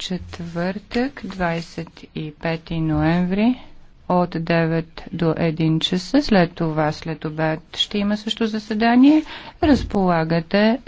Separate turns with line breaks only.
четвъртък, 25 ноември, от 9 до 1 часа. След това, след обед, ще има също заседание. Разполагате